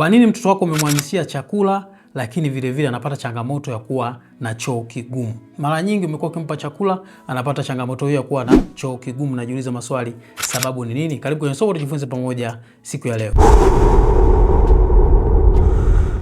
Kwa nini mtoto wako umemwanzishia chakula lakini vile vile anapata changamoto ya kuwa na choo kigumu? Mara nyingi umekuwa ukimpa chakula, anapata changamoto hiyo ya kuwa na choo kigumu. Najiuliza maswali, sababu ni nini? Karibu kwenye somo tujifunze pamoja siku ya leo.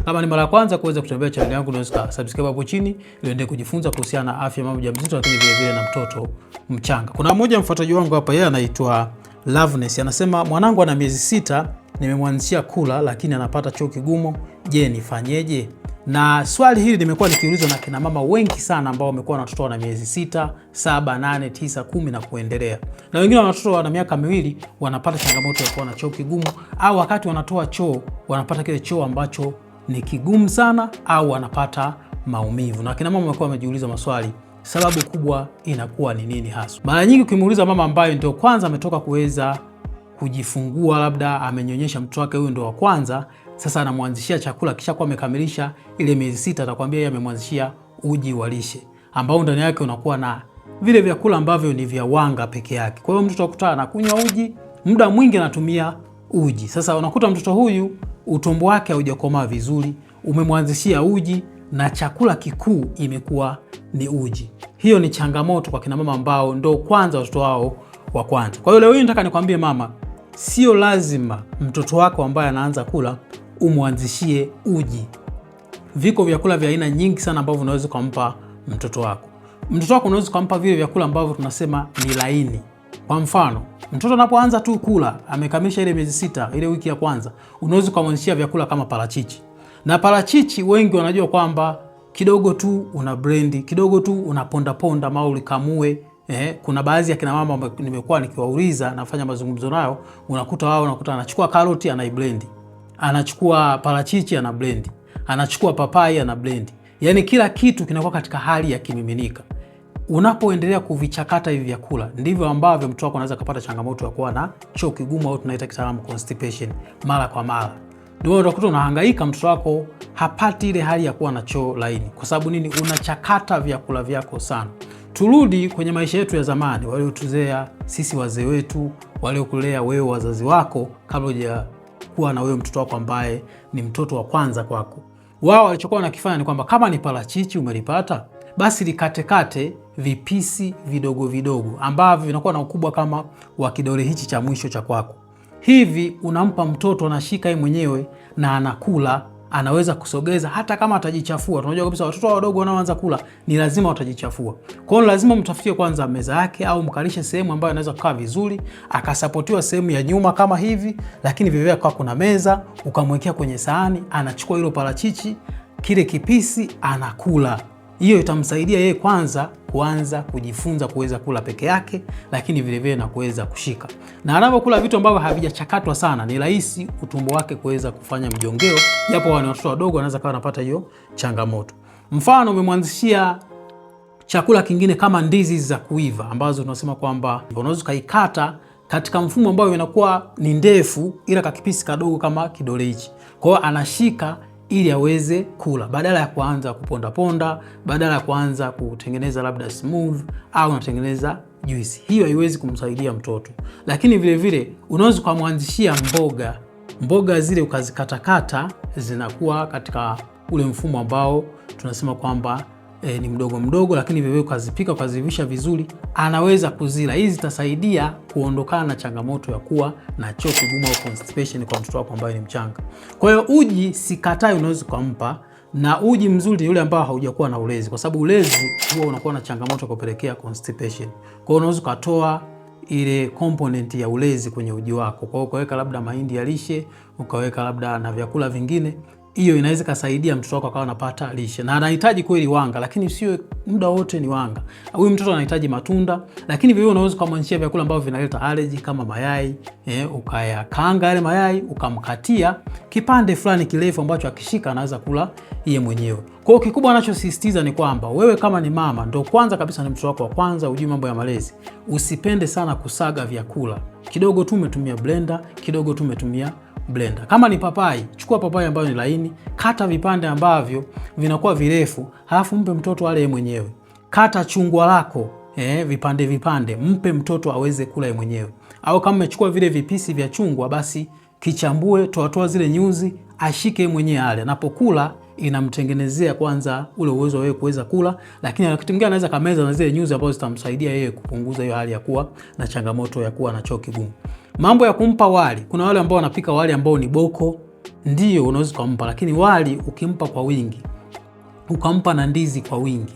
Kama ni mara ya kwanza kuweza kutembea channel yangu, unaweza subscribe hapo chini ili uendelee kujifunza kuhusiana na afya mama mjamzito, lakini vile vile na mtoto mchanga. Kuna mmoja mfuataji wangu hapa, yeye anaitwa Loveness, anasema mwanangu ana miezi sita nimemwanzishia kula lakini anapata choo kigumu, je, nifanyeje? Na swali hili limekuwa likiulizwa na kina mama wengi sana ambao wamekuwa na watoto wana miezi sita, saba, nane, tisa, kumi na kuendelea, na wengine wana watoto wana miaka miwili wanapata changamoto ya kuwa na choo kigumu, au wakati wanatoa choo wanapata kile choo ambacho ni kigumu sana, au wanapata maumivu. Na kina mama wamekuwa wamejiuliza maswali sababu kubwa inakuwa ni nini hasa Mara nyingi ukimuuliza mama ambaye ndio kwanza ametoka kuweza kujifungua, labda amenyonyesha mtoto wake, huyo ndo wa kwanza, sasa anamwanzishia chakula. Kisha kwa amekamilisha ile miezi sita, atakwambia yeye amemwanzishia uji wa lishe ambao ndani yake unakuwa na vile vyakula ambavyo ni vya wanga peke yake. Kwa hiyo mtoto akuta anakunywa uji, muda mwingi anatumia uji. Sasa unakuta mtoto huyu utumbo wake haujakomaa vizuri, umemwanzishia uji na chakula kikuu imekuwa ni uji. Hiyo ni changamoto kwa kina mama ambao ndo kwanza watoto wao wa kwanza. Kwa hiyo leo hii nataka nikwambie mama sio lazima mtoto wako ambaye anaanza kula umwanzishie uji. Viko vyakula vya aina nyingi sana ambavyo unaweza ukampa mtoto wako. Mtoto wako unaweza ukampa vile vyakula ambavyo tunasema ni laini. Kwa mfano, mtoto anapoanza tu kula, amekamilisha ile miezi sita, ile wiki ya kwanza, unaweza ukamwanzishia vyakula kama parachichi. Na parachichi wengi wanajua kwamba kidogo tu una brendi, kidogo tu unapondaponda, mauli maulikamue Eh, kuna baadhi ya kina mama nimekuwa nikiwauliza nafanya mazungumzo nao, unakuta wao unakuta anachukua karoti ana blend, anachukua parachichi ana blend, anachukua papai ana blend, yaani kila kitu kinakuwa katika hali ya kimiminika. Unapoendelea kuvichakata hivi vyakula, ndivyo ambavyo mtu wako anaweza kupata changamoto ya kuwa na choo kigumu au tunaita kitaalamu constipation mara kwa mara. Ndio unakuta unahangaika, mtoto wako hapati ile hali ya kuwa na choo laini. Kwa sababu nini? Unachakata vyakula vyako sana. Turudi kwenye maisha yetu ya zamani, waliotuzea sisi, wazee wetu, waliokulea wewe, wazazi wako, kabla hujakuwa na wewe mtoto wako ambaye ni mtoto wa kwanza kwako. Wao walichokuwa wanakifanya ni kwamba kama ni parachichi umelipata, basi likatekate vipisi vidogo vidogo ambavyo vinakuwa na ukubwa kama wa kidole hichi cha mwisho cha kwako. Hivi unampa mtoto, anashika yeye mwenyewe na anakula anaweza kusogeza hata kama atajichafua. Tunajua kabisa watoto wadogo wanaoanza kula ni lazima watajichafua. Kwa hiyo lazima mtafutie kwanza meza yake au mkalishe sehemu ambayo anaweza kukaa vizuri, akasapotiwa sehemu ya nyuma kama hivi, lakini vivyo kwa kuna meza ukamwekea kwenye sahani, anachukua hilo parachichi kile kipisi anakula hiyo itamsaidia yeye kwanza kuanza kujifunza kuweza kula peke yake, lakini vilevile na kuweza kushika. Na anapokula vitu ambavyo havijachakatwa sana, ni rahisi utumbo wake kuweza kufanya mjongeo, japo wana watoto wadogo, anaweza kawa anapata hiyo changamoto. Mfano, umemwanzishia chakula kingine kama ndizi za kuiva ambazo tunasema kwamba unaweza ukaikata katika mfumo ambao inakuwa ni ndefu, ila kakipisi kadogo kama kidole hichi, kwa hiyo anashika ili aweze kula, badala ya kuanza kupondaponda, badala ya kuanza kutengeneza labda smooth au unatengeneza juisi. Hiyo haiwezi kumsaidia mtoto, lakini vilevile unaweza ukamwanzishia mboga. Mboga zile ukazikatakata, zinakuwa katika ule mfumo ambao tunasema kwamba e, ni mdogo mdogo, lakini vivyo ukazipika ukazivisha vizuri, anaweza kuzila. Hizi zitasaidia kuondokana na changamoto ya kuwa na choo kigumu au constipation kwa mtoto wako ambaye ni mchanga. Kwa hiyo uji sikatai, unaweza ukampa na uji mzuri yule ambao haujakuwa na ulezi, kwa sababu ulezi huwa unakuwa na changamoto ya kupelekea constipation. Kwa hiyo unaweza ukatoa ile component ya ulezi kwenye uji wako, kwa hiyo ukaweka labda mahindi ya lishe, ukaweka labda na vyakula vingine hiyo inaweza ikasaidia mtoto wako akawa anapata lishe na anahitaji kweli wanga, lakini sio muda wote ni wanga. Huyu mtoto anahitaji matunda, lakini vile unaweza kumwanzishia vyakula ambavyo vinaleta allergy kama mayai eh, ukayakaanga yale mayai ukamkatia kipande fulani kirefu ambacho akishika anaweza kula yeye mwenyewe. Kwa hiyo kikubwa anachosisitiza ni kwamba wewe kama ni mama ndo kwanza kabisa ni mtoto wako wa kwanza, ujui mambo ya malezi, usipende sana kusaga vyakula. Kidogo tu umetumia blender, kidogo tu umetumia blender. Kama ni papai, chukua papai ambayo ni laini, kata vipande ambavyo vinakuwa virefu, halafu mpe mtoto ale mwenyewe. Kata chungwa lako eh, vipande vipande, mpe mtoto aweze kula yeye mwenyewe. Au kama umechukua vile vipisi vya chungwa, basi kichambue, toatoa zile nyuzi, ashike yeye mwenyewe ale. Anapokula inamtengenezea kwanza ule uwezo wewe kuweza kula, lakini wakati mwingine anaweza kameza na zile nyuzi ambazo zitamsaidia yeye kupunguza hiyo hali ya kuwa na changamoto ya kuwa na choo kigumu. Mambo ya kumpa wali, kuna wale ambao wanapika wali ambao ni boko, ndio unaweza ukampa, lakini wali ukimpa kwa wingi, ukampa na ndizi kwa wingi.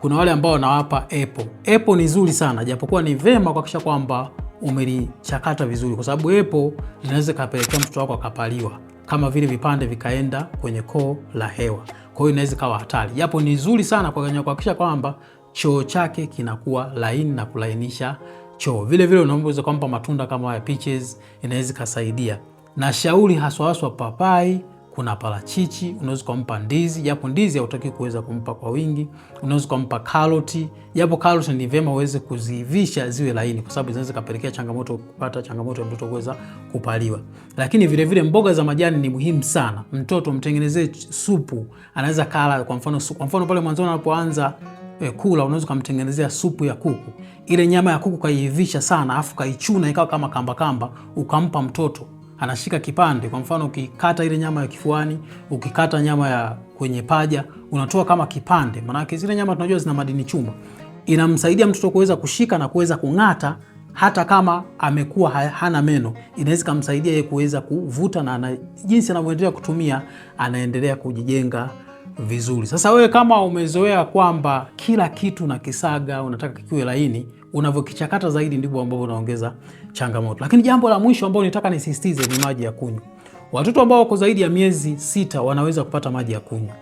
Kuna wale ambao wanawapa epo. Epo ni nzuri sana, japokuwa ni vema kuhakikisha kwamba umelichakata vizuri, kwa sababu epo linaweza kapelekea mtoto wako akapaliwa, kama vile vipande vikaenda kwenye koo la hewa, kwa hiyo inaweza kawa hatari, japo ni nzuri sana kwa kuhakikisha kwamba choo chake kinakuwa laini na kulainisha choo. Vile vile unaweza kumpa matunda kama haya peaches, inaweza kusaidia. Na shauri haswa haswa papai, kuna parachichi, unaweza kumpa ndizi, japo ndizi hautaki kuweza kumpa kwa wingi. Unaweza kumpa karoti, japo karoti ni vema uweze kuzivisha ziwe laini, kwa sababu zinaweza kapelekea changamoto kupata changamoto ya mtoto kuweza kupaliwa. Lakini vile vile mboga za majani ni muhimu sana. Mtoto mtengenezee supu, anaweza kala kwa mfano, kwa mfano pale mwanzo anapoanza e, kula unaweza ukamtengenezea supu ya kuku. Ile nyama ya kuku kaiivisha sana, afu kaichuna ikawa kama kamba kamba, ukampa mtoto anashika kipande. Kwa mfano, ukikata ile nyama ya kifuani, ukikata nyama ya kwenye paja, unatoa kama kipande, maanake zile nyama tunajua zina madini chuma. Inamsaidia mtoto kuweza kushika na kuweza kung'ata hata kama amekuwa hana meno, inaweza kumsaidia yeye kuweza kuvuta, na jinsi anavyoendelea kutumia anaendelea kujijenga vizuri. Sasa wewe kama umezoea kwamba kila kitu na kisaga unataka kikiwe laini, unavyokichakata zaidi ndivyo ambavyo unaongeza changamoto. Lakini jambo la mwisho ambalo nitaka nisisitize ni maji ya kunywa. Watoto ambao wako zaidi ya miezi sita wanaweza kupata maji ya kunywa.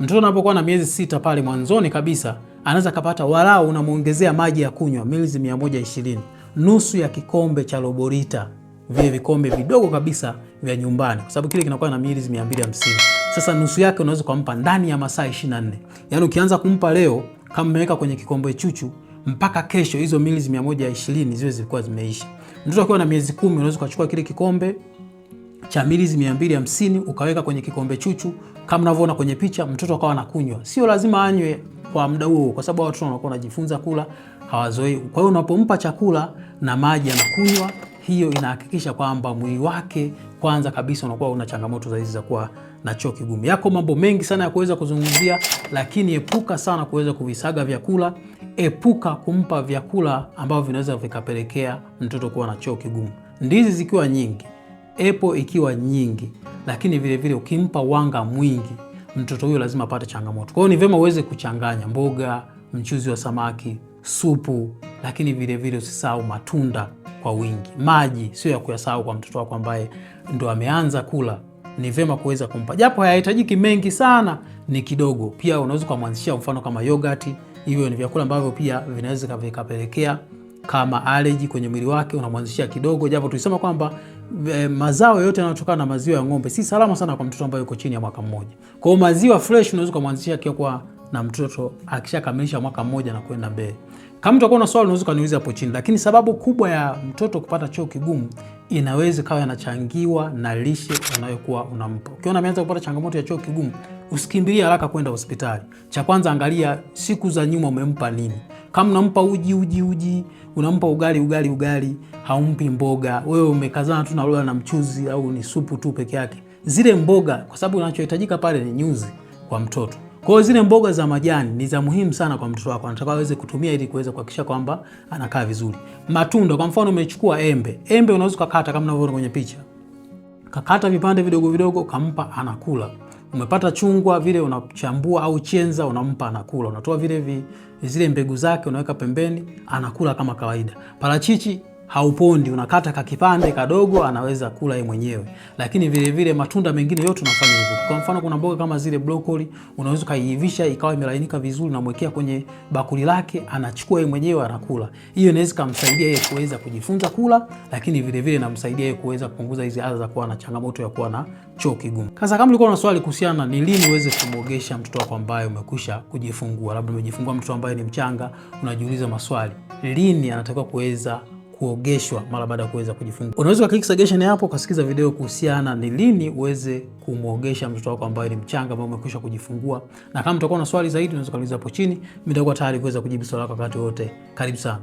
Mtoto anapokuwa na miezi sita pale mwanzoni kabisa anaweza kapata walau, unamwongezea maji ya kunywa milizi 120, nusu ya kikombe cha robo lita, vile vikombe vidogo kabisa vya nyumbani, kwa sababu kile kinakuwa na milizi 250. Sasa nusu yake unaweza kumpa ndani ya masaa 24. Yaani ukianza kumpa leo kama umeweka kwenye kikombe chuchu mpaka kesho hizo mili 120 ziwe zilikuwa zimeisha. Mtoto akiwa na miezi kumi unaweza kuchukua kile kikombe cha mili 250 ukaweka kwenye kikombe chuchu kama unavyoona kwenye picha, mtoto akawa anakunywa. Sio lazima anywe kwa muda huo, kwa sababu watoto wanakuwa wanajifunza kula, hawazoei. Kwa hiyo unapompa chakula na maji anakunywa, hiyo inahakikisha kwamba mwili wake kwanza kabisa unakuwa una changamoto za hizi za kuwa na choo kigumu. Yako mambo mengi sana ya kuweza kuzungumzia, lakini epuka sana kuweza kuvisaga vyakula. Epuka kumpa vyakula ambavyo vinaweza vikapelekea mtoto kuwa na choo kigumu. Ndizi zikiwa nyingi, epo ikiwa nyingi, lakini vile vile ukimpa wanga mwingi, mtoto huyo lazima apate changamoto. Kwa hiyo ni vyema uweze kuchanganya mboga, mchuzi wa samaki, supu, lakini vile vile usisahau matunda kwa wingi. Maji sio ya kuyasahau kwa mtoto wako ambaye ndo ameanza kula ni vema kuweza kumpa, japo hayahitajiki mengi sana, ni kidogo. Pia unaweza ukamwanzishia mfano kama yogurt, hivyo ni vyakula ambavyo pia vinaweza vikapelekea kama allergy kwenye mwili wake, unamwanzishia kidogo, japo tulisema kwamba e, mazao yote yanayotokana na maziwa ya ng'ombe si salama sana kwa mtoto ambaye yuko chini ya mwaka mmoja. Kwa hiyo maziwa fresh unaweza ukamwanzishia kwa na mtoto akishakamilisha mwaka mmoja na kwenda mbele. Kama utakuwa na swali unaweza kuniuliza hapo chini, lakini sababu kubwa ya mtoto kupata choo kigumu inaweza ikawa yanachangiwa na lishe unayokuwa unampa. Ukiona ameanza kupata changamoto ya choo kigumu, usikimbilie haraka kwenda hospitali. Cha kwanza, angalia siku za nyuma umempa nini. Kama unampa uji uji uji, unampa ugali ugali ugali, haumpi mboga, wewe umekazana tu na na mchuzi au ni supu tu peke yake, zile mboga, kwa sababu unachohitajika pale ni nyuzi kwa mtoto. Kwa hiyo zile mboga za majani ni za muhimu sana kwa mtoto wako, anataka aweze kutumia ili kuweza kuhakikisha kwamba anakaa vizuri. Matunda kwa mfano, umechukua embe. Embe unaweza kukata kama unavyoona kwenye picha, kakata vipande vidogo vidogo, kampa anakula. Umepata chungwa vile, unachambua au chenza, unampa anakula. Unatoa vile vi, zile mbegu zake unaweka pembeni, anakula kama kawaida. Parachichi haupondi, unakata ka kipande kadogo, anaweza kula yeye mwenyewe. Lakini vile vile matunda mengine yote unafanya hivyo. Kwa mfano, kuna mboga kama zile brokoli, unaweza ukaiivisha ikawa imelainika vizuri, unamwekea kwenye bakuli lake, anachukua yeye mwenyewe anakula. Hiyo inaweza kumsaidia yeye kuweza kujifunza kula, lakini vile vile inamsaidia yeye kuweza kupunguza hizi adha za kuwa na changamoto ya kuwa na choo kigumu. Sasa kama ulikuwa na swali kuhusiana ni lini uweze kumwogesha mtoto wako ambaye umekwisha kujifungua, labda umejifungua mtoto ambaye ni mchanga, unajiuliza maswali, lini anatakiwa kuweza kuogeshwa mara baada ya kuweza kujifungua. Unaweza ukaklik suggestion hapo ukasikiza video kuhusiana ni lini uweze kumwogesha mtoto wako ambaye ni mchanga ambaye umekwisha kujifungua, na kama mtakuwa na swali zaidi unaweza kuuliza hapo chini, mimi nitakuwa tayari kuweza kujibu swali lako wakati wote. Karibu sana.